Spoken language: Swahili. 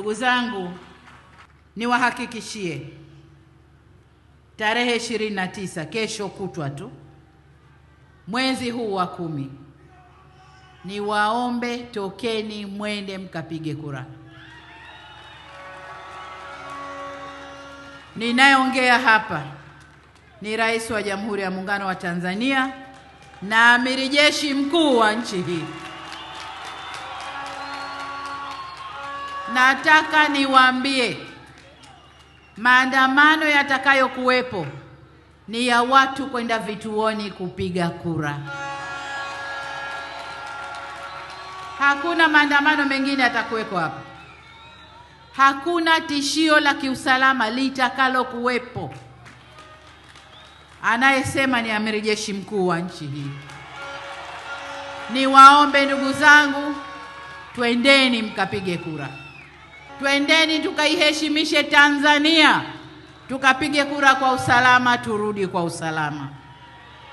Ndugu zangu, niwahakikishie tarehe 29 kesho kutwa tu mwezi huu wa kumi, niwaombe tokeni mwende mkapige kura. Ninayeongea hapa ni Rais wa Jamhuri ya Muungano wa Tanzania na Amiri Jeshi Mkuu wa nchi hii. nataka niwaambie maandamano yatakayokuwepo ni ya watu kwenda vituoni kupiga kura. Hakuna maandamano mengine yatakuwepo hapa. Hakuna tishio la kiusalama litakalo kuwepo. Anayesema ni amiri jeshi mkuu wa nchi hii. Niwaombe ndugu zangu, twendeni mkapige kura twendeni tukaiheshimishe Tanzania, tukapige kura kwa usalama, turudi kwa usalama.